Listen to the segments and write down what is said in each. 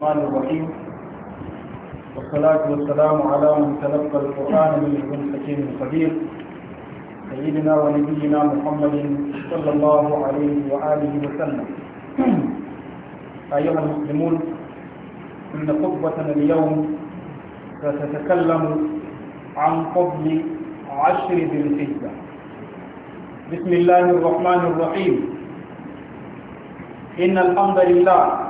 الرحمن الرحيم والصلاة والسلام على من تلقى القرآن من لدن حكيم خبير سيدنا ونبينا محمد صلى الله عليه وآله وسلم أيها المسلمون إن خطبتنا اليوم ستتكلم عن فضل عشر ذي الحجة بسم الله الرحمن الرحيم إن الحمد لله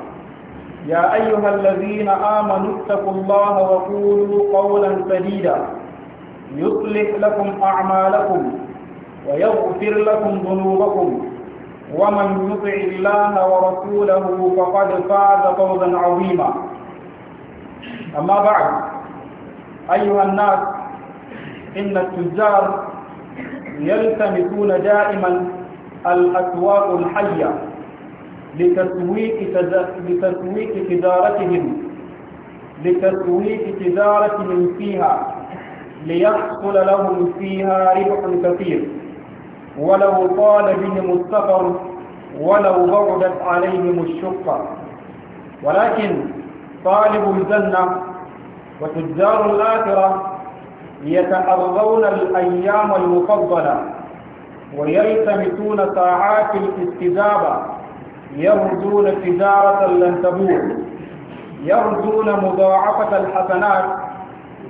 يا أيها الذين آمنوا اتقوا الله وقولوا قولا سديدا يصلح لكم أعمالكم ويغفر لكم ذنوبكم ومن يطع الله ورسوله فقد فاز فوزا عظيما أما بعد أيها الناس إن التجار يلتمسون دائما الأسواق الحية لتسويق لتسويق تجارتهم لتسويق تجارتهم فيها ليحصل لهم فيها ربح كثير ولو طال بهم السفر ولو بعدت عليهم الشقة ولكن طالب الجنة وتجار الآخرة يتحرون الأيام المفضلة ويلتمسون ساعات الاستجابة يرجون تجارة لن تبور يرجون مضاعفة الحسنات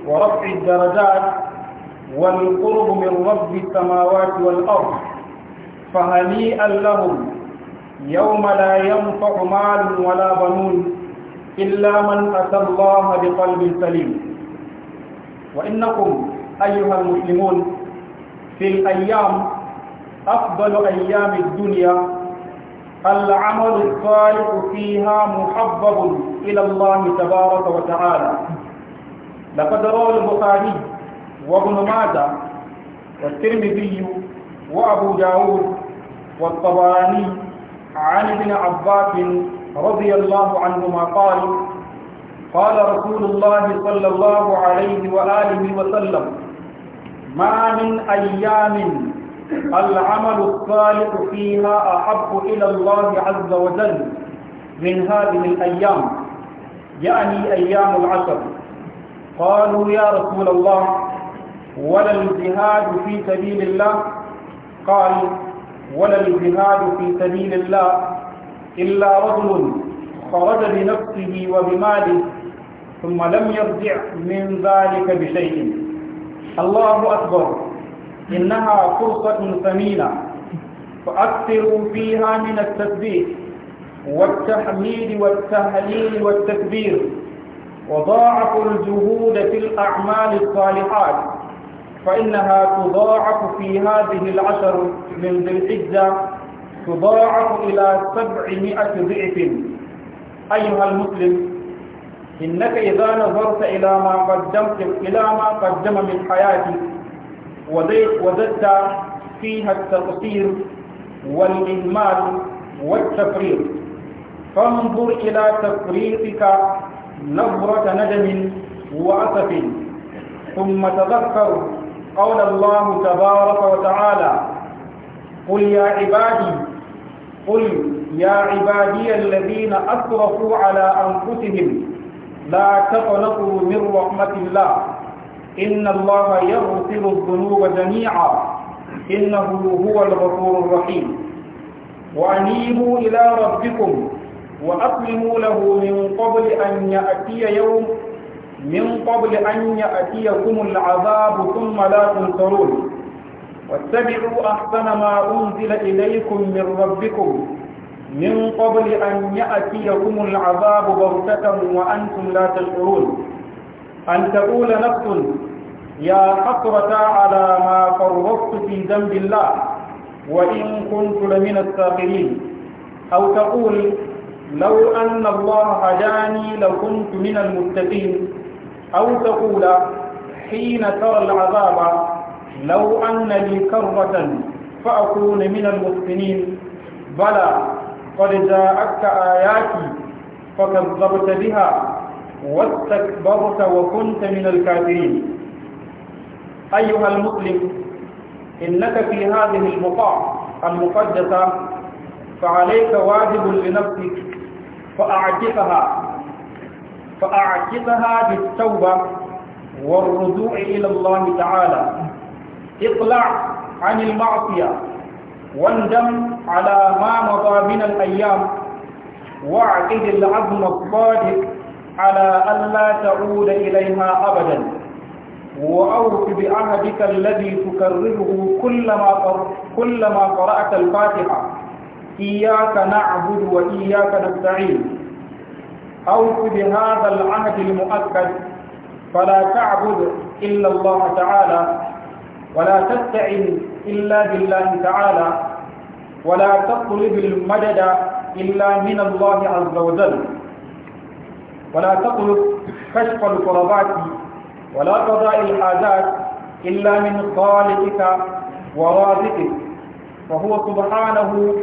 ورفع الدرجات والقرب من رب السماوات والأرض فهنيئا لهم يوم لا ينفع مال ولا بنون إلا من أتى الله بقلب سليم وإنكم أيها المسلمون في الأيام أفضل أيام الدنيا العمل الصالح فيها محبب إلى الله تبارك وتعالى لقد روى البخاري وابن ماجه والترمذي وأبو داود والطبراني عن ابن عباس رضي الله عنهما قال قال رسول الله صلى الله عليه وآله وسلم ما من أيام العمل الصالح فيها أحب إلى الله عز وجل من هذه الأيام يعني أيام العشر قالوا يا رسول الله ولا الجهاد في سبيل الله قال ولا الجهاد في سبيل الله إلا رجل خرج بنفسه وبماله ثم لم يرجع من ذلك بشيء الله أكبر إنها فرصة ثمينة فأكثروا فيها من التسبيح والتحميد والتهليل والتكبير وضاعفوا الجهود في الأعمال الصالحات فإنها تضاعف في هذه العشر من ذي الحجة تضاعف إلى سبعمائة ضعف أيها المسلم إنك إذا نظرت إلى ما قدمت إلى ما قدم من حياتك وزدت فيها التقصير والإهمال والتفريط فانظر إلى تفريطك نظرة ندم وأسف ثم تذكر قول الله تبارك وتعالى قل يا عبادي قل يا عبادي الذين أسرفوا على أنفسهم لا تقنطوا من رحمة الله إن الله يغفر الذنوب جميعا إنه هو الغفور الرحيم وأنيبوا إلى ربكم وأقلموا له من قبل أن يأتي يوم من قبل أن يأتيكم العذاب ثم لا تنصرون واتبعوا أحسن ما أنزل إليكم من ربكم من قبل أن يأتيكم العذاب بغتة وأنتم لا تشعرون أن تقول نفس يا حسرة على ما فرطت في ذنب الله وإن كنت لمن الساخرين أو تقول لو أن الله هداني لكنت من المتقين أو تقول حين ترى العذاب لو أن لي كرة فأكون من المحسنين بلى قد جاءتك آياتي فكذبت بها واستكبرت وكنت من الكافرين أيها المسلم إنك في هذه البقاع المقدسة فعليك واجب لنفسك فأعتقها فأعتقها بالتوبة والرجوع إلى الله تعالى اطلع عن المعصية واندم على ما مضى من الأيام واعتد العزم الصادق على ألا تعود إليها أبدا وأوف بعهدك الذي تكرره كلما كلما قرأت الفاتحة إياك نعبد وإياك نستعين أوف بهذا العهد المؤكد فلا تعبد إلا الله تعالى ولا تستعن إلا بالله تعالى ولا تطلب المدد إلا من الله عز وجل ولا تطلب كشف الكربات ولا قضاء الحاجات إلا من خالقك ورازقك فهو سبحانه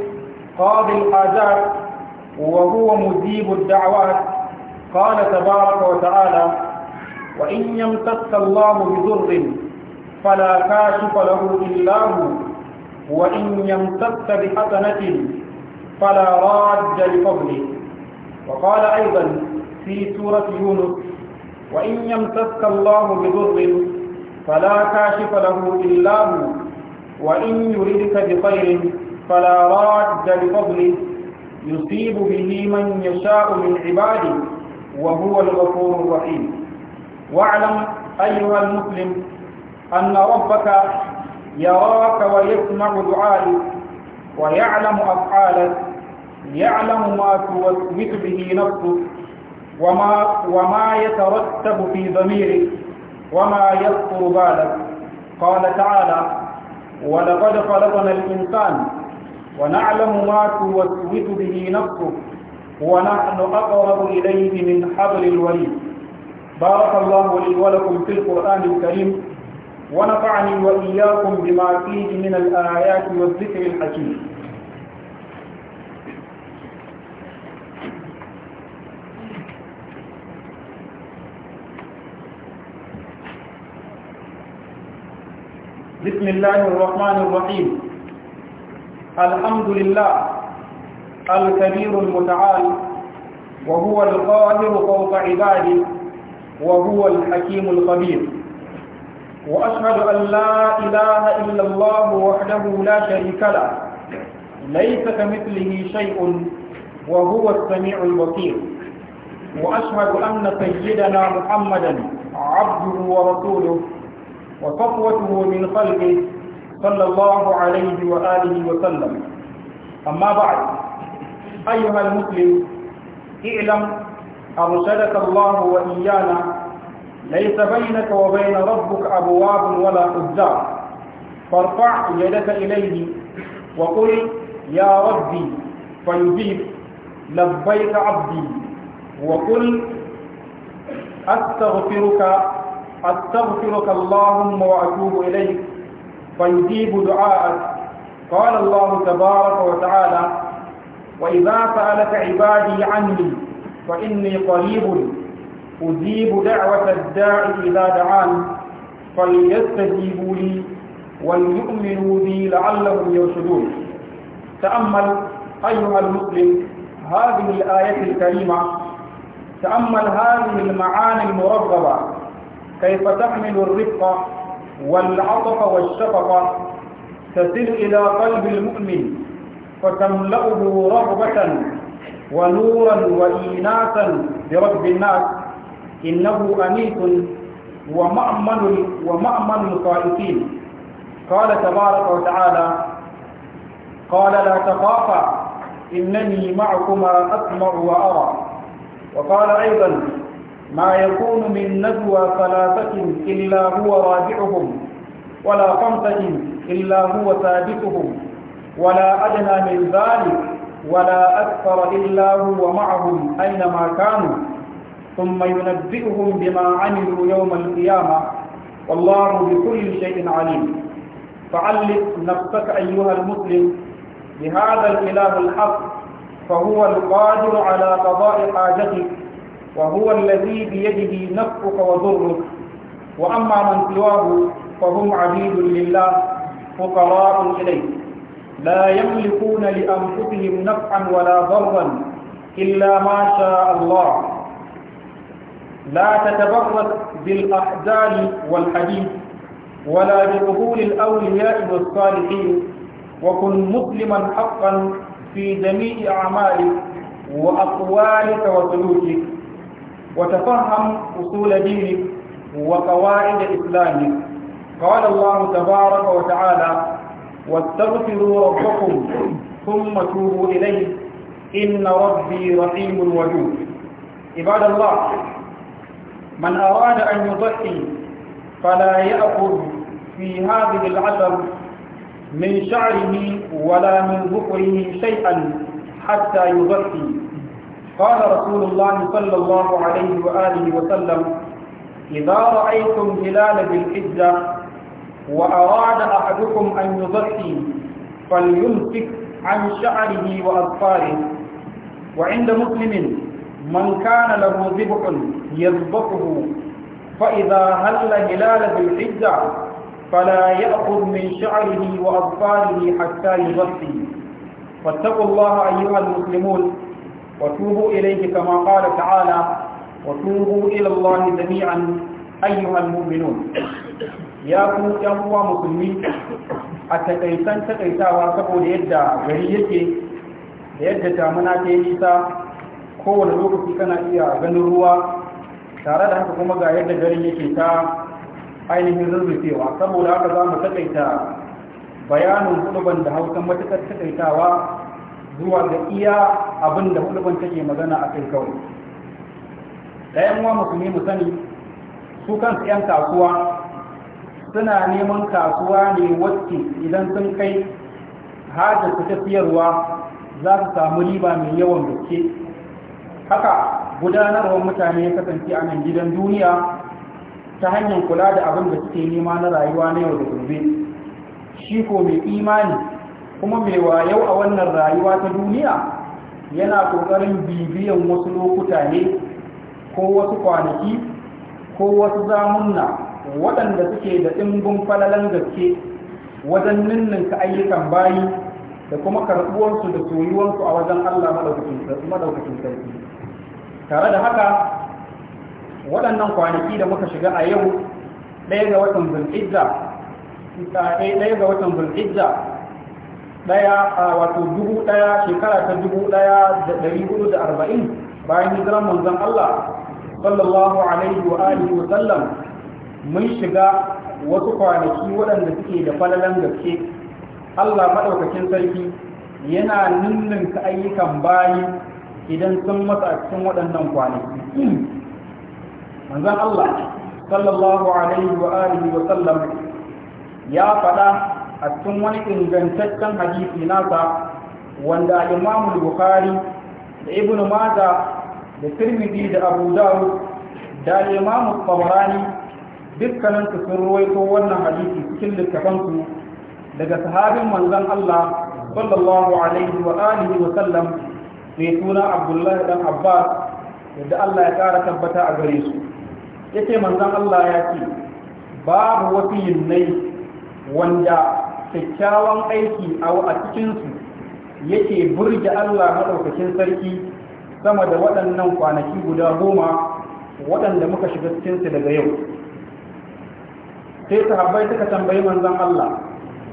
قاضي الحاجات وهو مجيب الدعوات قال تبارك وتعالى وإن يمتص الله بضر فلا كاشف له إلا هو وإن يمتص بحسنة فلا راد لفضله وقال أيضا في سورة يونس وإن يمسسك الله بضر فلا كاشف له إلا هو وإن يردك بخير فلا راد لفضله يصيب به من يشاء من عباده وهو الغفور الرحيم واعلم أيها المسلم أن ربك يراك ويسمع دعائك ويعلم أفعالك يعلم ما توسوس به نفسك وما, وما يترتب في ضميرك وما يخطر بالك قال تعالى ولقد خلقنا الإنسان ونعلم ما توسوس به نفسه ونحن أقرب إليه من حبل الوريد بارك الله لي ولكم في القرآن الكريم ونفعني وإياكم بما فيه من الآيات والذكر الحكيم بسم الله الرحمن الرحيم الحمد لله الكبير المتعال وهو القاهر فوق عباده وهو الحكيم الخبير وأشهد أن لا إله إلا الله وحده لا شريك له ليس كمثله شيء وهو السميع البصير وأشهد أن سيدنا محمدا عبده ورسوله وصفوته من خلقه صلى الله عليه وآله وسلم أما بعد أيها المسلم اعلم أرشدك الله وإيانا ليس بينك وبين ربك أبواب ولا أجدار فارفع يدك إليه وقل يا ربي فيجيب لبيك عبدي وقل أستغفرك أستغفرك اللهم وأتوب إليك فيجيب دعاءك قال الله تبارك وتعالى وإذا سألك عبادي عني فإني قريب أجيب دعوة الداع إذا دعان فليستجيبوا لي وليؤمنوا بي لعلهم يرشدون تأمل أيها المسلم هذه الآية الكريمة تأمل هذه المعاني المرغبة كيف تحمل الرفق والعطف والشفقة تسل إلى قلب المؤمن فتملأه رغبة ونورا وإيناسا برب الناس إنه أنيس ومأمن ومأمن الخائفين قال تبارك وتعالى قال لا تخافا إنني معكما أسمع وأرى وقال أيضا ما يكون من نجوى ثلاثة إلا هو رابعهم ولا خمسة إلا هو سادسهم ولا أدنى من ذلك ولا أكثر إلا هو معهم أينما كانوا ثم ينبئهم بما عملوا يوم القيامة والله بكل شيء عليم فعلق نفسك أيها المسلم بهذا الإله الحق فهو القادر على قضاء حاجتك وهو الذي بيده نفعك وضرك وأما من سواه فهم عبيد لله فقراء إليه لا يملكون لأنفسهم نفعا ولا ضرا إلا ما شاء الله لا تتبرك بالأحزان والحديث ولا بقبول الأولياء والصالحين وكن مسلما حقا في جميع أعمالك وأقوالك وسلوكك وتفهم أصول دينك وقواعد إسلامك قال الله تبارك وتعالى واستغفروا ربكم ثم توبوا إليه إن ربي رحيم وجود عباد الله من أراد أن يضحي فلا يأخذ في هذه العشر من شعره ولا من ذكره شيئا حتى يضحي قال رسول الله صلى الله عليه وآله وسلم إذا رأيتم هلال بالحجة وأراد أحدكم أن يضحي فليمسك عن شعره وأظفاره وعند مسلم من كان له ذبح يذبحه فإذا هل هلال بالحجة فلا يأخذ من شعره وأظفاره حتى يضحي فاتقوا الله أيها المسلمون وتوبوا إليه كما قال تعالى وتوبوا إلى الله جميعا أيها المؤمنون يا كنت أبوى مسلمين أتكيسان تكيساوا سبو ليدى غريتي ليدى تامنا تيسا kowane lokaci kana iya ganin ruwa tare da haka kuma ga yadda garin yake ta ainihin rurrufewa saboda haka za mu takaita bayanin ban da hausan matukar takaitawa zuwa ga iya abin da hulɓin take magana a kai kawai da yan uwa musulmi mu sani su kansu yan kasuwa suna neman kasuwa ne wacce idan sun kai hajar su tafiyarwa za su samu riba mai yawan gaske haka gudanarwar mutane ya kasance a nan gidan duniya ta hanyar kula da abin da suke nema na rayuwa na yau da gobe shi ko mai imani kuma mai wayau a wannan rayuwa ta duniya yana ƙoƙarin bibiyan wasu lokuta ne ko wasu kwanaki ko wasu zamunna waɗanda suke da ɗimbin falalan gaske wajen ninninka ayyukan bayi da kuma karɓuwarsu da soyuwarsu a wajen Allah madaukakin sarki tare da haka waɗannan kwanaki da muka shiga a yau ɗaya ga watan ɗaya ga watan zulhijja daya a wato dubu daya shekara ta dubu daya da dari hudu da arba'in bayan hijiran manzon Allah sallallahu alaihi wa alihi wa sallam mun shiga wasu kwanaki waɗanda suke da falalan gaske Allah madaukakin sarki yana ninninka ayyukan bayi idan sun masa a cikin waɗannan kwanaki manzon Allah sallallahu alaihi wa alihi wa sallam ya faɗa a cikin wani ingantaccen hadisi nasa wanda Imam Bukhari da Ibn Maza da Tirmidhi da Abu Dawud da Imam Tabarani dukkanin su sun ruwaito wannan hadisi cikin littafansu daga sahabin manzon Allah sallallahu alaihi wa alihi wa sallam mai suna Abdullahi dan Abbas yadda Allah ya kara tabbata a gare su yace manzon Allah ya ce babu wasiyin nai wanda kyakkyawan aiki a cikinsu yake burge Allah maɗaukakin sarki sama da waɗannan kwanaki guda goma waɗanda muka shiga cikinsu daga yau sai sahabbai suka tambayi manzan Allah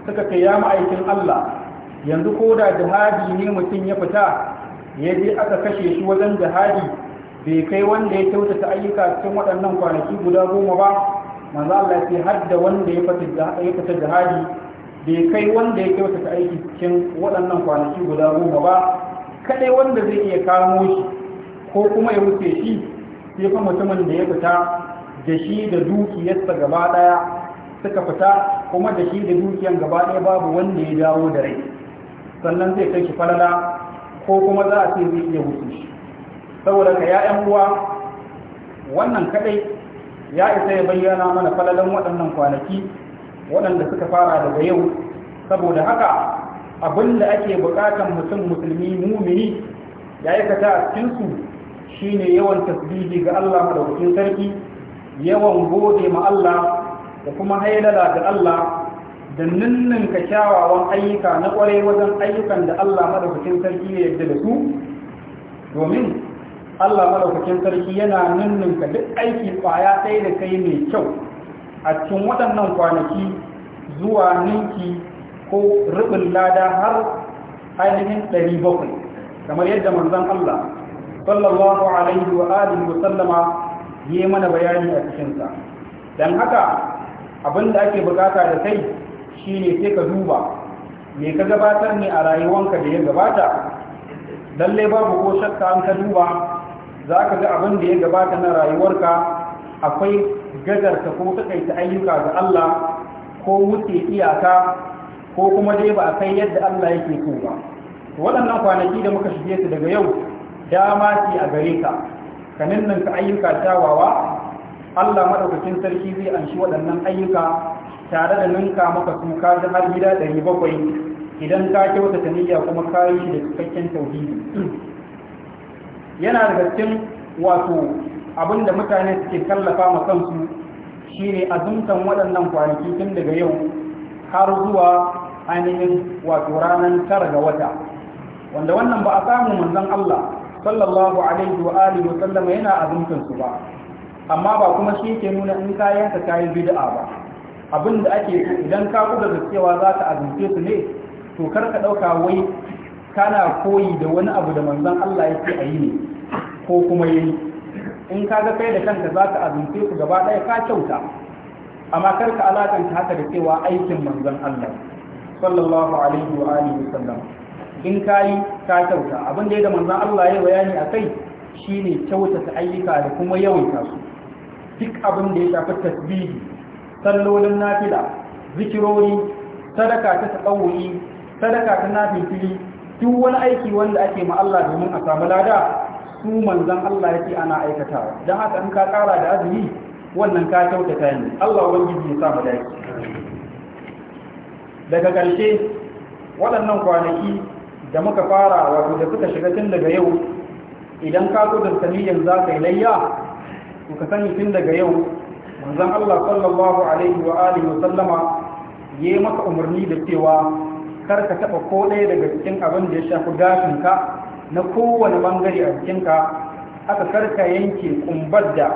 suka ce ya ma'aikin Allah yanzu ko da jihadi ne mutum ya fita ya je aka kashe shi wajen jihadi bai kai wanda ya kyautata ayyuka cikin waɗannan kwanaki guda goma ba manzo Allah ce har da wanda ya fita jihadi bai kai wanda ya kyauta ta aiki cikin waɗannan kwanaki guda goma ba kaɗai wanda zai iya kamo shi ko kuma ya wuce shi sai fa mutumin da ya fita da shi da dukiyarsa gaba ɗaya suka fita kuma da shi da dukiyan gaba ɗaya babu wanda ya dawo da rai sannan zai kai shi falala ko kuma za a ce zai iya wuce shi saboda ka ya'yan uwa wannan kaɗai ya isa ya bayyana mana falalan waɗannan kwanaki waɗanda suka fara daga yau saboda haka abin da ake bukatan mutum musulmi mumini ya kata a cikinsu shine yawan tasbihi ga Allah madaukakin sarki yawan gode ma Allah da kuma hailala ga Allah da ka kyawawan ayyuka na ƙwarai wajen ayyukan da Allah maɗaukakin sarki ya yarda da su domin Allah maɗaukakin sarki yana ka duk aiki ƙwaya ɗaya da kai mai kyau a cikin waɗannan kwanaki zuwa ninki ko rubin lada har ainihin 700 kamar yadda manzon Allah sallallahu alaihi wa alihi wa sallama yi mana bayani a cikinsa don haka abin da ake bukata da kai shine sai ka duba me ka gabatar ne a rayuwanka da ya gabata lalle babu ko shakka an ka duba za ka ga abin da ya gabata na rayuwarka akwai gagarta ko takaita ayyuka ga Allah ko wuce iyaka ko kuma dai ba kai yadda Allah yake so ba waɗannan kwanaki da muka shige su daga yau dama ce a gare ka ka ka ayyuka tawawa Allah madaukakin sarki zai anshi waɗannan ayyuka tare da ninka maka kuka da har gida ɗari bakwai idan ka kyautata niyya kuma ka yi da cikakken tauhidi yana da cikin wato Abin da mutane suke kallafa ma kansu shine azumtan waɗannan kwanaki tun daga yau har zuwa ainihin wato ranar tara ga wata wanda wannan ba a samu manzon Allah sallallahu alaihi wa alihi wa sallama yana azumtan su ba amma ba kuma shi ke nuna in ka yanka kayan bid'a ba abin da ake idan ka kuka da cewa za ka azumce su ne to kar ka ɗauka wai kana koyi da wani abu da manzon Allah yake a yi ne ko kuma yi in ka ga kai da kanka za ka azumce su gaba ɗaya ka kyauta amma kar ka alakanta haka da cewa aikin manzon Allah sallallahu alaihi wa alihi wasallam in ka yi ka kyauta abin da ya da manzon Allah ya bayani a kai shine kyautata ayyuka da kuma yawaita su duk abin da ya shafi tasbihi sallolin nafila zikirori sadaka ta tsawuri sadaka ta nafili duk wani aiki wanda ake ma Allah domin a samu lada su manzan Allah yake ana aikatawa don haka in ka kara da azumi wannan ka kyautata ne Allah ubangiji ya sa mu dace daga ƙarshe waɗannan kwanaki da muka fara wato da suka shiga tun daga yau idan ka zo da saniyan za ka yi layya ku ka sani tun daga yau manzon Allah sallallahu alaihi wa alihi wa sallama yayi maka umarni da cewa kar ka taba ko ɗaya daga cikin abin da ya shafi gashin ka na kowane bangare a jikinka aka karka yanke kumbar da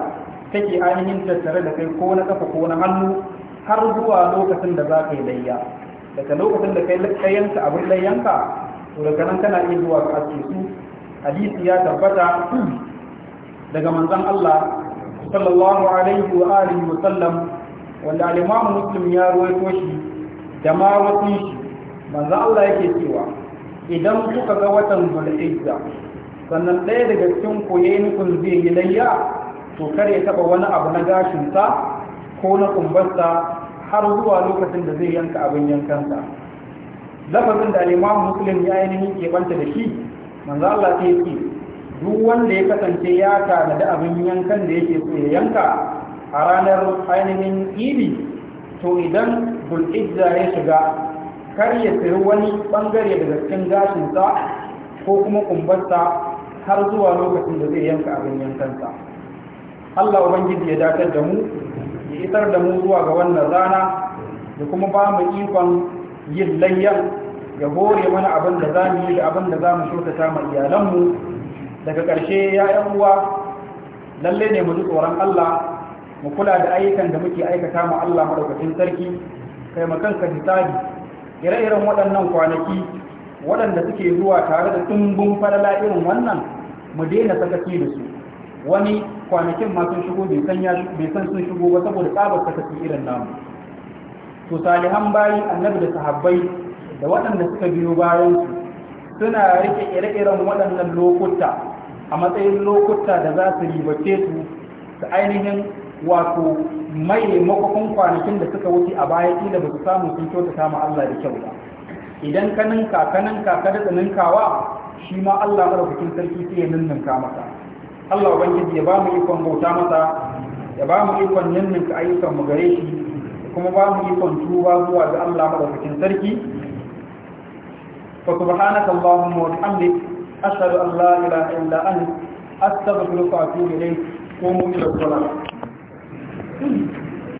take ainihin tattare da kai ko na kafa ko na hannu har zuwa lokacin da za ka yi layya daga lokacin da kai yanka abin layyanka to daga nan kana iya zuwa ka ake su hadisi ya tabbata daga manzon Allah sallallahu alaihi wa alihi wa sallam wanda al-Imam Muslim ya rawaito shi da ma wasu shi manzon Allah yake cewa idan kuka ga watan zulhijja sannan ɗaya daga cikin ku yayi nufin zai yi layya to kar ya taba wani abu na gashin ta ko na kumbarsa har zuwa lokacin da zai yanka abin yankansa lafazin da imam muslim ya yi ke banta da shi manzo Allah sai ce duk wanda ya kasance ya tanadi abin yankan da yake so ya yanka a ranar ainihin idi to idan bulhijja ya shiga kar ya sayi wani bangare daga cikin gashinsa ko kuma kumbarsa har zuwa lokacin da zai yanka abin yankansa Allah ubangiji ya datar da mu ya isar da mu zuwa ga wannan rana da kuma ba mu ikon yin layyan ya hore mana abin da za mu yi da abin da za mu kyautata ma iyalanmu daga ƙarshe ya ‘yan uwa lalle ne mu ji tsoron Allah mu kula da ayyukan da muke aikata ma Allah maɗaukacin sarki kai makanka hisabi ire-iren waɗannan kwanaki waɗanda suke zuwa tare da ɗumbin farala irin wannan mu daina sakaci da su wani kwanakin ma sun shigo bai san sun shigo ba saboda tsabar sakaci irin namu to salihan bayi annabi da sahabbai da waɗanda suka biyo bayan su suna rike ire-iren waɗannan lokuta a matsayin lokuta da za su ribace su su ainihin wato mai makakon kwanakin da suka wuce a baya kila ba su samu sun kyautata ma Allah da kyau ba idan ka ninka ka ninka ka da ninkawa shi ma Allah madaukakin sarki sai ya ninninka masa Allah ubangiji ya ba mu ikon bauta masa ya ba mu ikon ninninka ayyukan mu gare shi kuma ba mu ikon tuba zuwa ga Allah madaukakin sarki fa subhanaka allahumma wa bihamdik ashhadu an la ilaha illa anta astaghfiruka wa atubu ilayk قوموا إلى الصلاة Mm-hmm.